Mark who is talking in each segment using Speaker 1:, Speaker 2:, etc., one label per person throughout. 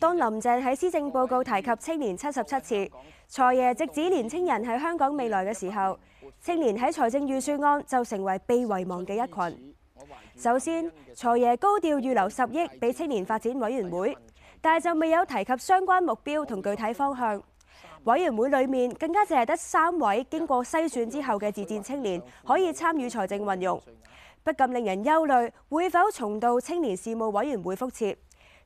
Speaker 1: 當林鄭喺施政報告提及青年七十七次，財爺直指年青人喺香港未來嘅時候，青年喺財政預算案就成為被遺忘嘅一群。首先，財爺高調預留十億俾青年發展委員會，但就未有提及相關目標同具體方向。委員會裡面更加淨係得三位經過篩選之後嘅自薦青年可以參與財政運用，不禁令人憂慮會否重蹈青年事務委員會覆轍。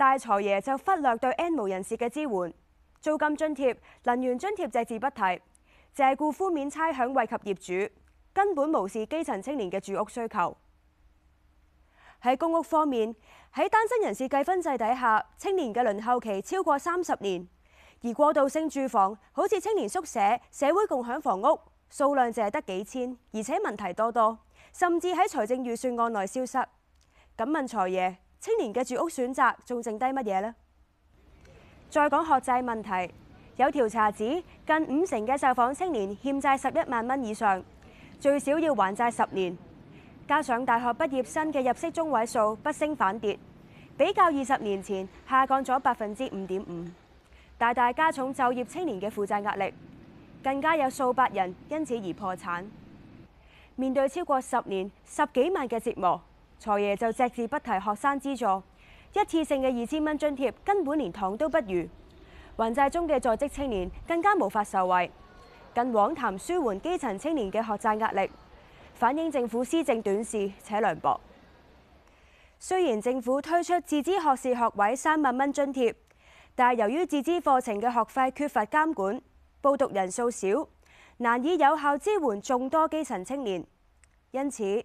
Speaker 1: 大財爺就忽略對 N 無人士嘅支援，租金津貼、能源津貼，隻字不提，借故顧敷面差享惠及業主，根本無視基層青年嘅住屋需求。喺公屋方面，喺單身人士計分制底下，青年嘅輪候期超過三十年，而過渡性住房好似青年宿舍、社會共享房屋，數量淨係得幾千，而且問題多多，甚至喺財政預算案內消失。敢問財爺，青年嘅住屋選擇仲剩低乜嘢呢？再講學債問題，有調查指近五成嘅受訪青年欠債十一萬蚊以上，最少要還債十年。加上大學畢業生嘅入息中位數不升反跌，比較二十年前下降咗百分之五點五，大大加重就業青年嘅負債壓力，更加有數百人因此而破產。面對超過十年、十幾萬嘅折磨。財爺就隻字不提學生資助，一次性嘅二千蚊津貼根本連糖都不如，還債中嘅在職青年更加無法受惠。更枉談舒緩基層青年嘅學債壓力，反映政府施政短視且涼薄。雖然政府推出自資學士學位三萬蚊津貼，但係由於自資課程嘅學費缺乏監管，報讀人數少，難以有效支援眾多基層青年，因此，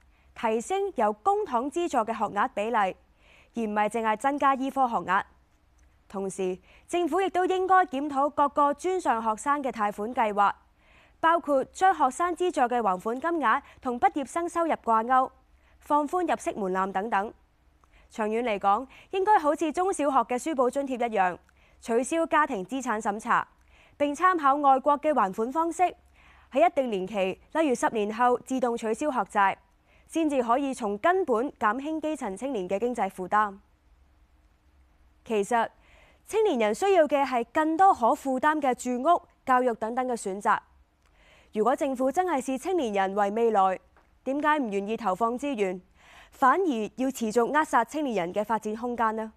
Speaker 1: 提升由公帑資助嘅學額比例，而唔係淨係增加醫科學額。同時，政府亦都應該檢討各個專上學生嘅貸款計劃，包括將學生資助嘅還款金額同畢業生收入掛鈎，放寬入息門檻等等。長遠嚟講，應該好似中小學嘅書簿津貼一樣，取消家庭資產審查，並參考外國嘅還款方式，喺一定年期，例如十年後自動取消學債，先至可以從根本減輕基層青年嘅經濟負擔。其實，青年人需要嘅係更多可負擔嘅住屋、教育等等嘅選擇。如果政府真係視青年人為未來，點解唔願意投放資源，反而要持續扼殺青年人嘅發展空間呢？